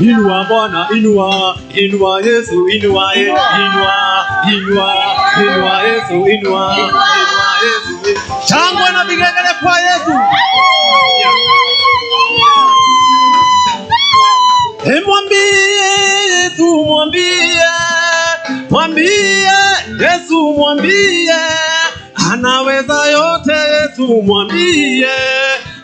Inua Bwana, inua, inua Yesu, eh, inua inua, inua, inua Yesu, inua, inua Yesu. Shangwe na vigegele kwa Yesu. Hemwambie Yesu, mwambie, mwambie Yesu, mwambie anaweza yote Yesu, mwambie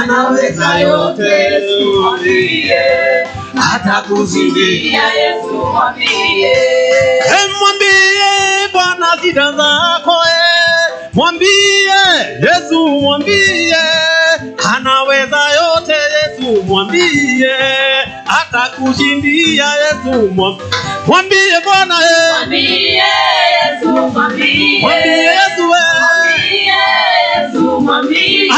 anaweza yote, Yesu mwambie atakuzindia. Yesu mwambie, mwambie Bwana zida zako, e, mwambie Yesu, mwambie anaweza yote. Yesu mwambie atakushindia. Yesu mwambie Bwana, eh. mwambie Yesu, mwambie Yesu, eh. mwambie Yesu, mwambie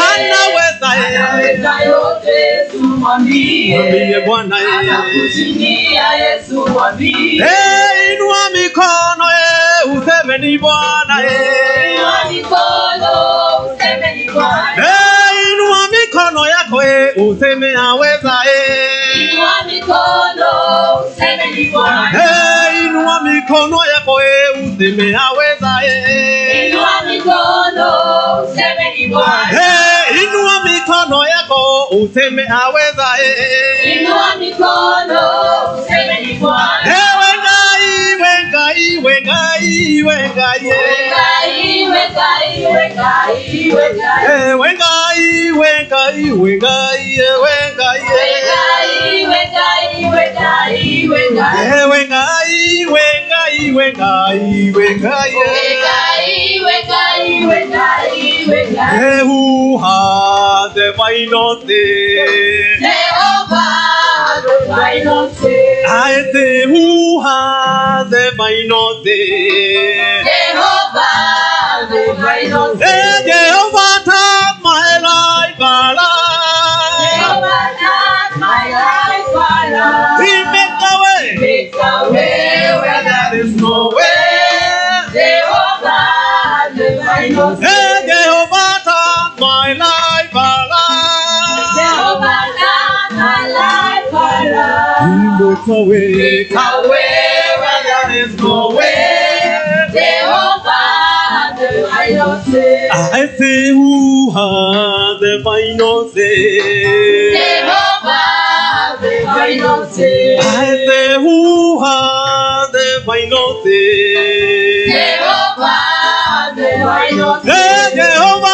mwambie Bwana anakutimia Yesu, mwambie hey, inua mikono hey, useme ni Bwana hey, inua mikono useme ni Bwana hey, inua mikono yako hey, useme aweza hey, inua mikono useme ni Bwana hey, inua mikono yako hey, useme aweza hey, inua mikono useme ni Bwana hey, inua useme aweza inua mikono useme ni Bwana ewe ngai wengai wengai wengai wengai wengai wengai wengai wengai wengai wengai wengai Jehovah, the mighty. my life. You make a way. Make a way where there is no way. Jehovah, the finances. I say, who has the finances? Jehovah, the finances. I say, who has the finances? Jehovah, the finances. Jehovah.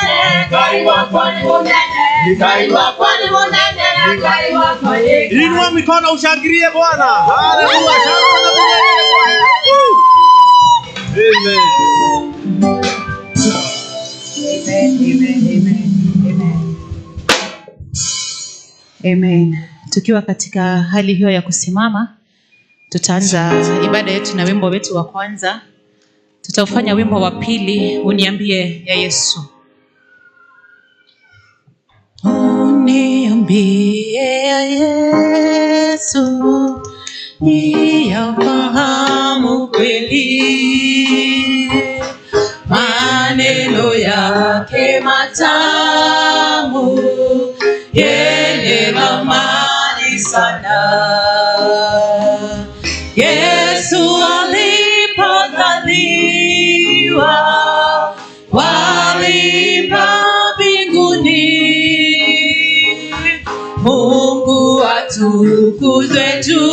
Inua mikono ushangilie Bwana. Haleluya. Amen. Tukiwa katika hali hiyo ya kusimama, tutaanza ibada yetu na wimbo wetu wa kwanza. Tutaufanya wimbo wa pili, uniambie ya Yesu. uniambie Yesu, ni ya kweli utukuzwe tu,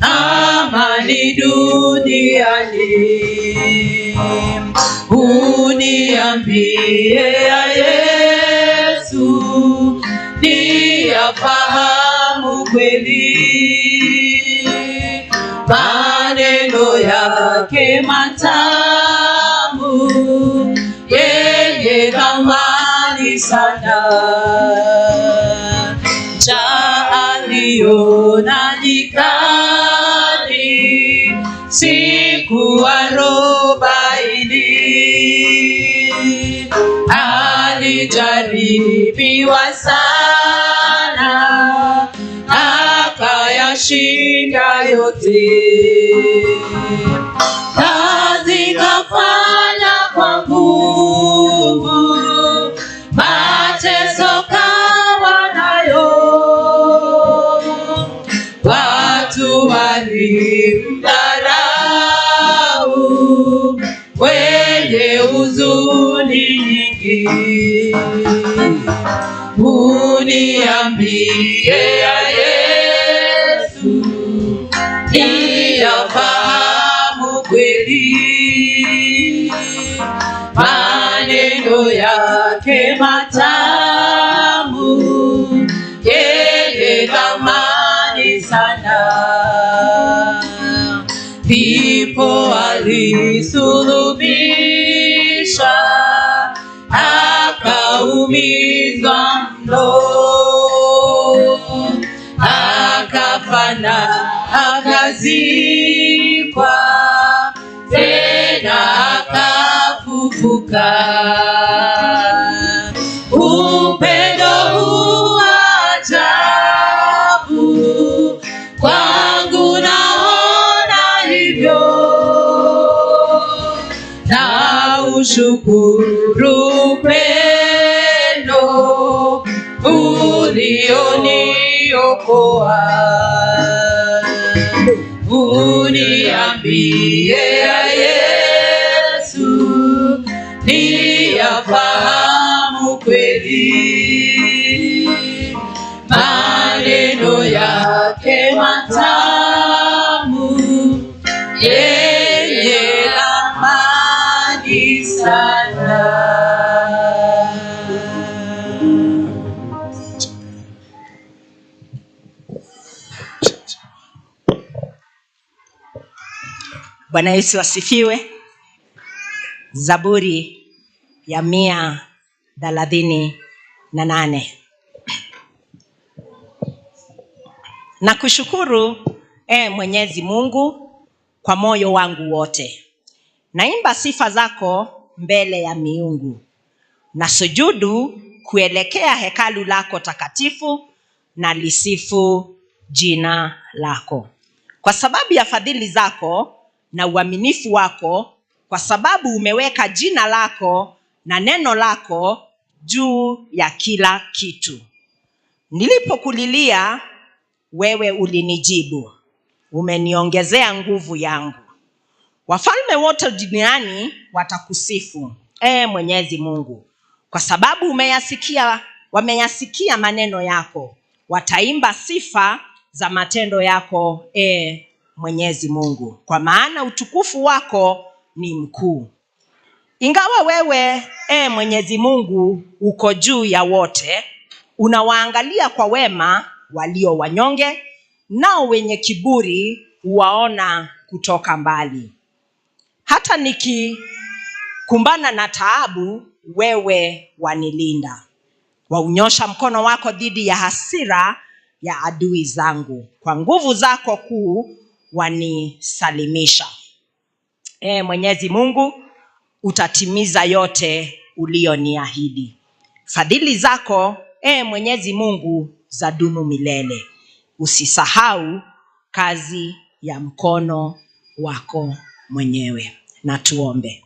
amani duniani. Uniambie ya Yesu, ni niyafahamu kweli maneno yake matamu naliona nyikani siku arobaini. Alijaribiwa sana akayashinda yote. wenye huzuni nyingi, uniambie yeye Bwana akazikwa tena akafufuka. Upendo huu ajabu kwangu naona hivyo, na ushukuru upendo ulioniokoa Niambie Yesu, niyafahamu kweli maneno yake matamu Bwana Yesu asifiwe. Zaburi ya mia thalathini na nane. kushukuru e Mwenyezi Mungu kwa moyo wangu wote, naimba sifa zako mbele ya miungu, na sujudu kuelekea hekalu lako takatifu, na lisifu jina lako kwa sababu ya fadhili zako na uaminifu wako kwa sababu umeweka jina lako na neno lako juu ya kila kitu. Nilipokulilia wewe ulinijibu, umeniongezea nguvu yangu. Wafalme wote duniani watakusifu, e Mwenyezi Mungu, kwa sababu umeyasikia, wameyasikia maneno yako, wataimba sifa za matendo yako, e Mwenyezi Mungu, kwa maana utukufu wako ni mkuu. Ingawa wewe e Mwenyezi Mungu uko juu ya wote, unawaangalia kwa wema walio wanyonge, nao wenye kiburi huwaona kutoka mbali. Hata nikikumbana na taabu, wewe wanilinda, waunyosha mkono wako dhidi ya hasira ya adui zangu. Kwa nguvu zako kuu wanisalimisha. E, Mwenyezi Mungu utatimiza yote ulioniahidi Fadhili zako e, Mwenyezi Mungu za dunu milele. Usisahau kazi ya mkono wako mwenyewe. Na tuombe.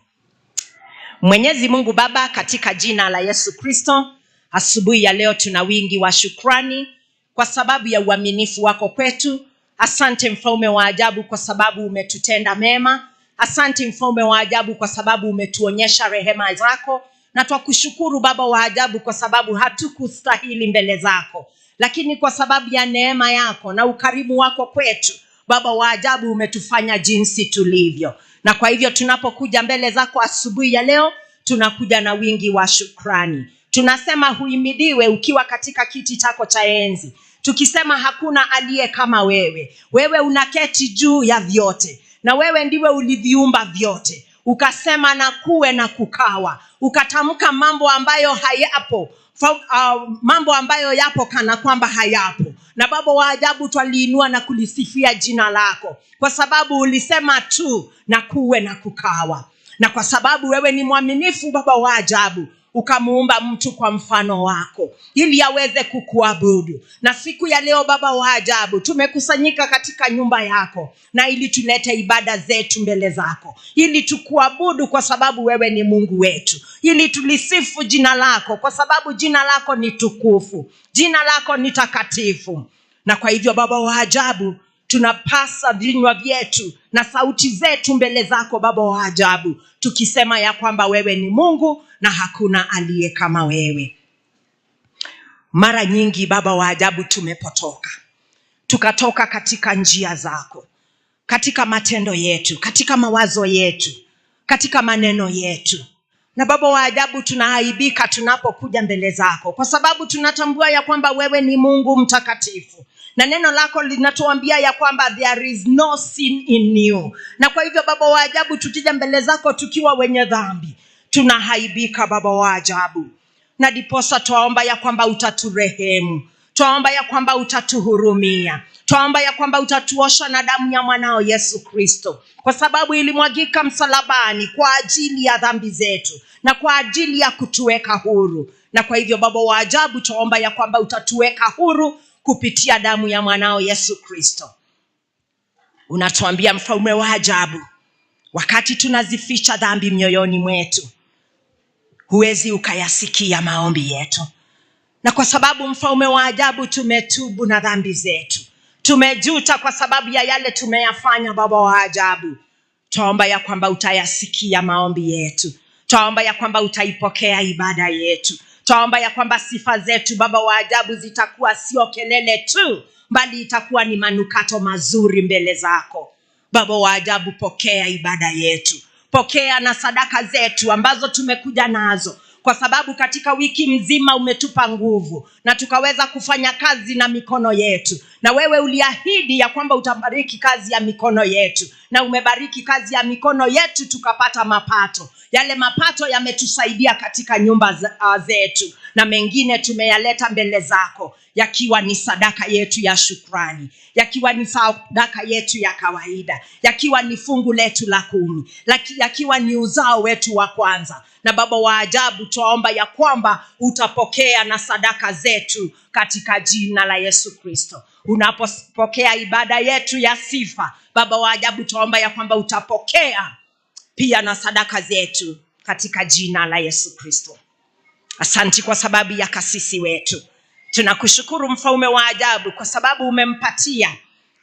Mwenyezi Mungu Baba, katika jina la Yesu Kristo, asubuhi ya leo tuna wingi wa shukrani kwa sababu ya uaminifu wako kwetu Asante mfalme wa ajabu, kwa sababu umetutenda mema. Asante mfalme wa ajabu, kwa sababu umetuonyesha rehema zako, na twakushukuru Baba wa ajabu, kwa sababu hatukustahili mbele zako, lakini kwa sababu ya neema yako na ukarimu wako kwetu, Baba wa ajabu, umetufanya jinsi tulivyo. Na kwa hivyo tunapokuja mbele zako asubuhi ya leo, tunakuja na wingi wa shukrani. Tunasema huimidiwe ukiwa katika kiti chako cha enzi tukisema hakuna aliye kama wewe. Wewe unaketi juu ya vyote, na wewe ndiwe uliviumba vyote, ukasema na kuwe na kukawa, ukatamka mambo ambayo hayapo Fa, uh, mambo ambayo yapo kana kwamba hayapo. Na Baba wa ajabu, twaliinua na kulisifia jina lako, kwa sababu ulisema tu na kuwe na kukawa, na kwa sababu wewe ni mwaminifu, Baba wa ajabu, ukamuumba mtu kwa mfano wako ili aweze kukuabudu. Na siku ya leo, Baba wa ajabu, tumekusanyika katika nyumba yako na ili tulete ibada zetu mbele zako, ili tukuabudu kwa sababu wewe ni Mungu wetu, ili tulisifu jina lako kwa sababu jina lako ni tukufu, jina lako ni takatifu. Na kwa hivyo, Baba wa ajabu tunapasa vinywa vyetu na sauti zetu mbele zako Baba wa ajabu, tukisema ya kwamba wewe ni Mungu na hakuna aliye kama wewe. Mara nyingi Baba wa ajabu, tumepotoka tukatoka katika njia zako, katika matendo yetu, katika mawazo yetu, katika maneno yetu na Baba wa ajabu, tunaaibika tunapokuja mbele zako, kwa sababu tunatambua ya kwamba wewe ni Mungu mtakatifu na neno lako linatuambia ya kwamba there is no sin in you na kwa hivyo baba wa ajabu tukija mbele zako tukiwa wenye dhambi tunahaibika baba wa ajabu na diposa twaomba ya kwamba utaturehemu twaomba ya kwamba utatuhurumia twaomba ya kwamba utatuosha na damu ya mwanao yesu kristo kwa sababu ilimwagika msalabani kwa ajili ya dhambi zetu na kwa ajili ya kutuweka huru na kwa hivyo baba wa ajabu twaomba ya kwamba utatuweka huru kupitia damu ya mwanao yesu kristo unatuambia mfalme wa ajabu wakati tunazificha dhambi mioyoni mwetu huwezi ukayasikia maombi yetu na kwa sababu mfaume wa ajabu tumetubu na dhambi zetu tumejuta kwa sababu ya yale tumeyafanya baba wa ajabu twaomba ya kwamba utayasikia maombi yetu twaomba ya kwamba utaipokea ibada yetu twaomba ya kwamba sifa zetu baba wa ajabu zitakuwa sio kelele tu bali itakuwa ni manukato mazuri mbele zako baba wa ajabu pokea ibada yetu pokea na sadaka zetu ambazo tumekuja nazo kwa sababu katika wiki mzima umetupa nguvu na tukaweza kufanya kazi na mikono yetu na wewe uliahidi ya kwamba utabariki kazi ya mikono yetu, na umebariki kazi ya mikono yetu, tukapata mapato. Yale mapato yametusaidia katika nyumba ah, zetu, na mengine tumeyaleta mbele zako, yakiwa ni sadaka yetu ya shukrani, yakiwa ni sadaka yetu ya kawaida, yakiwa ni fungu letu la kumi, yakiwa ni uzao wetu wa kwanza. Na Baba wa ajabu, twaomba ya kwamba utapokea na sadaka zetu katika jina la Yesu Kristo unapopokea ibada yetu ya sifa baba wa ajabu twaomba ya kwamba utapokea pia na sadaka zetu katika jina la yesu kristo asanti kwa sababu ya kasisi wetu tunakushukuru mfalme wa ajabu kwa sababu umempatia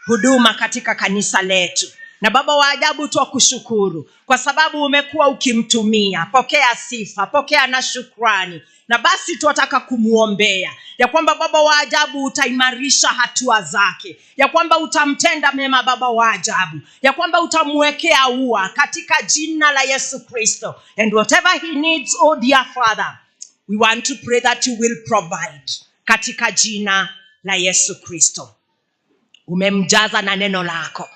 huduma katika kanisa letu na baba wa ajabu twa kushukuru kwa sababu umekuwa ukimtumia pokea sifa pokea na shukrani na basi twataka kumwombea ya kwamba baba wa ajabu utaimarisha hatua zake ya kwamba utamtenda mema baba wa ajabu ya kwamba utamwekea ua katika jina la yesu kristo and whatever he needs oh dear father we want to pray that you will provide katika jina la yesu kristo umemjaza na neno lako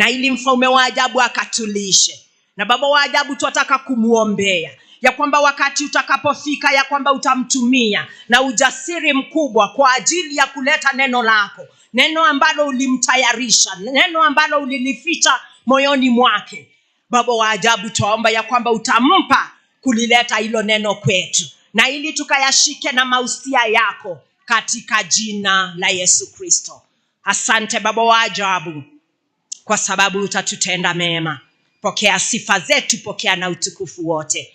na ili mfalme wa ajabu akatulishe. Na Baba wa ajabu, twataka kumwombea ya kwamba wakati utakapofika, ya kwamba utamtumia na ujasiri mkubwa kwa ajili ya kuleta neno lako, neno ambalo ulimtayarisha, neno ambalo ulilificha moyoni mwake. Baba wa ajabu, twaomba ya kwamba utampa kulileta hilo neno kwetu, na ili tukayashike na mausia yako katika jina la Yesu Kristo. Asante Baba wa ajabu kwa sababu utatutenda mema. Pokea sifa zetu, pokea na utukufu wote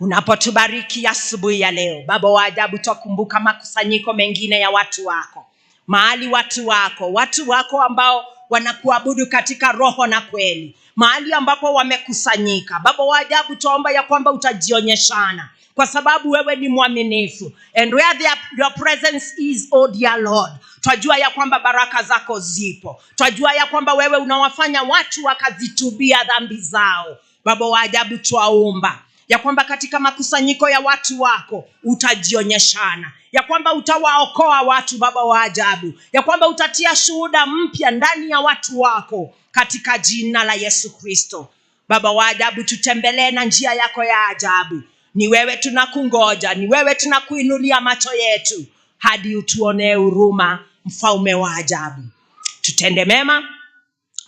unapotubariki asubuhi ya, leo. Baba wa ajabu, twakumbuka makusanyiko mengine ya watu wako, mahali watu wako, watu wako ambao wanakuabudu katika roho na kweli, mahali ambapo wamekusanyika. Baba wa ajabu, twaomba ya kwamba utajionyeshana kwa sababu wewe ni mwaminifu. And where the, your presence is, oh dear Lord, twajua ya kwamba baraka zako zipo, twajua ya kwamba wewe unawafanya watu wakazitubia dhambi zao. Baba wa ajabu, twaomba ya kwamba katika makusanyiko ya watu wako utajionyeshana, ya kwamba utawaokoa watu, Baba wa ajabu, ya kwamba utatia shuhuda mpya ndani ya watu wako katika jina la Yesu Kristo. Baba wa ajabu, tutembelee na njia yako ya ajabu ni wewe tunakungoja ni wewe tunakuinulia macho yetu hadi utuonee huruma mfalme wa ajabu tutende mema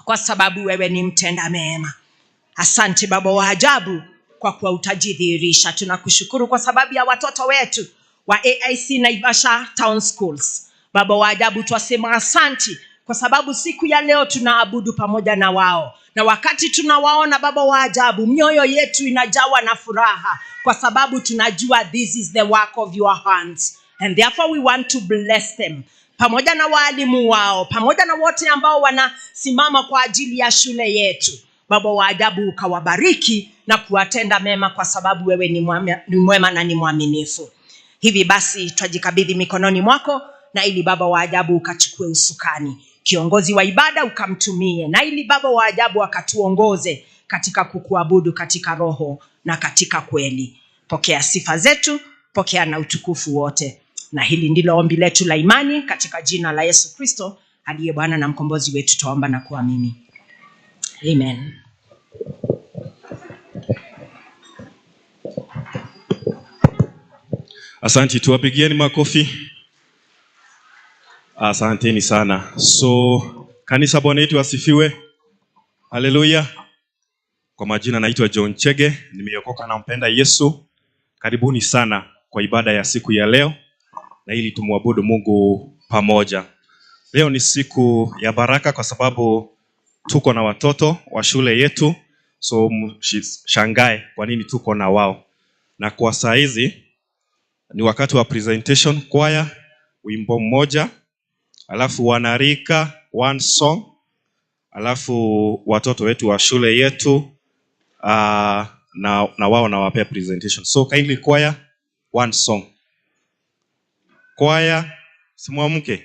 kwa sababu wewe ni mtenda mema asante baba wa ajabu kwa kuwa utajidhihirisha tunakushukuru kwa sababu ya watoto wetu wa aic naivasha town schools baba wa ajabu twasema asanti kwa sababu siku ya leo tunaabudu pamoja na wao na wakati tunawaona baba wa ajabu mioyo yetu inajawa na furaha kwa sababu tunajua this is the work of your hands and therefore we want to bless them pamoja na waalimu wao pamoja na wote ambao wanasimama kwa ajili ya shule yetu baba wa ajabu ukawabariki na kuwatenda mema kwa sababu wewe ni, ni mwema na ni mwaminifu hivi basi twajikabidhi mikononi mwako na ili baba wa ajabu ukachukue usukani kiongozi wa ibada ukamtumie, na ili Baba wa ajabu akatuongoze katika kukuabudu katika roho na katika kweli. Pokea sifa zetu, pokea na utukufu wote, na hili ndilo ombi letu la imani katika jina la Yesu Kristo aliye Bwana na mkombozi wetu, twaomba na kuamini. Amen. Asante, tuwapigieni makofi. Asanteni sana. So kanisa, Bwana yetu asifiwe. Haleluya. Kwa majina naitwa John Chege, nimeokoka na mpenda Yesu. Karibuni sana kwa ibada ya siku ya leo, na ili tumwabudu Mungu pamoja. Leo ni siku ya baraka kwa sababu tuko na watoto wa shule yetu, so mshangae kwa nini tuko na wao. Na kwa saa hizi ni wakati wa presentation kwaya wimbo mmoja alafu wanarika one song, alafu watoto wetu wa shule yetu uh, na, na wao nawapea presentation. So kindly choir one song, choir simwamke.